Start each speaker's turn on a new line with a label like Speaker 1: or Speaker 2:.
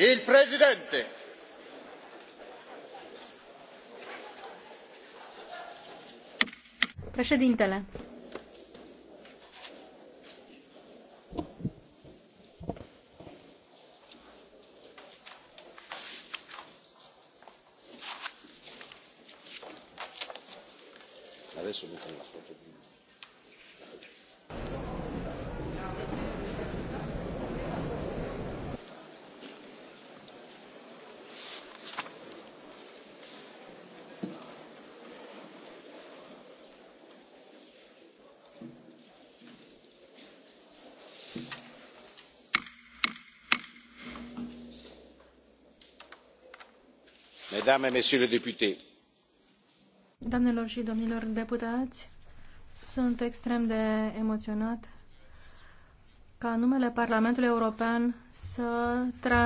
Speaker 1: Il presidente.
Speaker 2: Președintele.
Speaker 3: mesdames et messieurs les
Speaker 4: députés
Speaker 5: doamnelor și domnilor deputați sunt extrem
Speaker 6: de emoționat ca în numele parlamentului european să transmit